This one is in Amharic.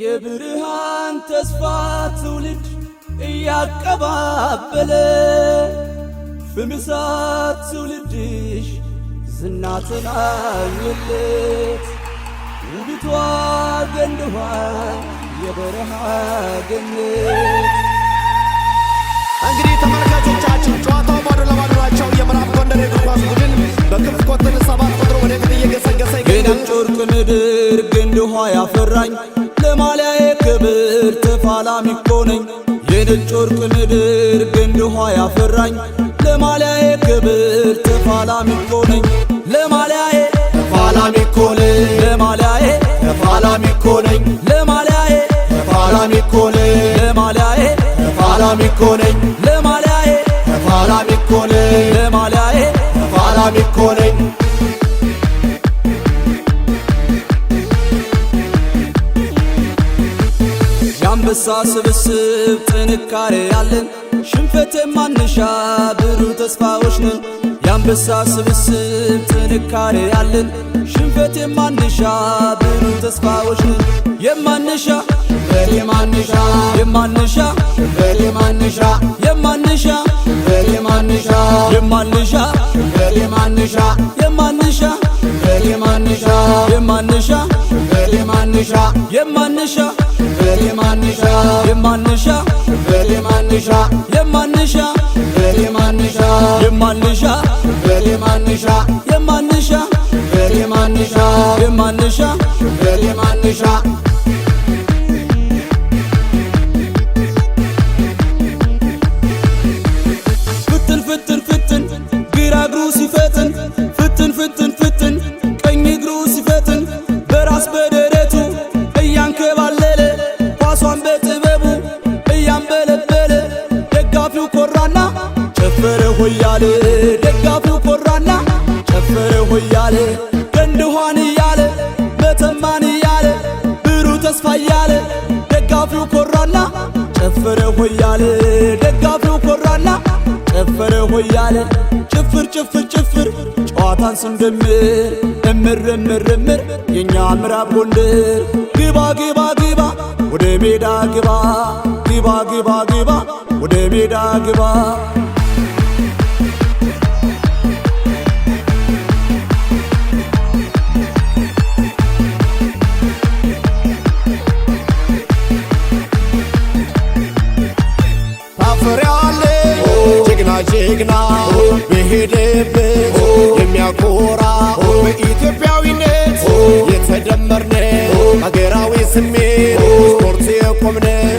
የብርሃን ተስፋ ትውልድ እያቀባበለ ፍምሳት ትውልድሽ ዝና ተናኘለት ውብቷ ገንድኋ የበረሃ ገነት። እንግዲህ ተመልካቾቻችን ጨዋታው ባዶ ለባዶ የምዕራብ ጎንደር የእግር ኳስ ቡድን በክፍት ቁጥር ሰባት ቁጥር ወደፊት እየገሰገሰ ይገኛል። ጩርቅ ምድር ግንድኋ ያፈራኝ ሰላም ይኮነኝ የነጭ ወርቅ ምድር ገንድ ውሃ ያፈራኝ ለማሊያዬ ክብር ተፋላሚ ኮነኝ ለማሊያዬ ተፋላሚ ኮነኝ ለማሊያዬ ተፋላሚ ኮነኝ ለማሊያዬ ተፋላሚ ኮነኝ ለማሊያዬ ተፋላሚ ኮነኝ አንበሳ ስብስብ ጥንካሬ ያለን ሽንፈት ማንሻ ብሩህ ተስፋዎች ነን። የአንበሳ ስብስብ ጥንካሬ ያለን ሽንፈት የማንሻ ብሩህ ተስፋዎች ነን። የማንሻ ሽንፈት የማንሻ የማንሻ ሽንፈት የማንሻ የማንሻ ሽንፈት የማንሻ የማንሻ ሽንፈት የማንሻ የማንሻ ሽንፈት የማንሻ የማንሻ ሽንፈት የማንሻ የማንሻ የማንሻ የማንሻ ሽንፈት የማንሻ የማንሻ ሽንፈት የማንሻ የማንሻ ሽንፈት የማንሻ የማንሻ ሽንፈት የማንሻ የማንሻ ሽንፈት የማንሻ ጨፈረ ሆያለ ደጋፊው ኮራና ጨፈረ ሆያለ ገንድኋን እያለ መተማን እያለ ብሩ ተስፋ እያለ ደጋፊው ኮራና ጨፈረ ሆያለ ደጋፊው ኮራና ጨፈረ ሆያለ ጭፍር ጭፍር ጭፍር ጨዋታን ስንደምር እምር እምር እምር የኛ ምዕራብ ጎንደር ግባ ግባ ግባ ወደ ሜዳ ግባ ግባ ግባ ግባ ወደ ሜዳ ግባ የሚያኮራ በኢትዮጵያዊነት የተደመርነ ሀገራዊ ስሜት ስፖርት የቆምነ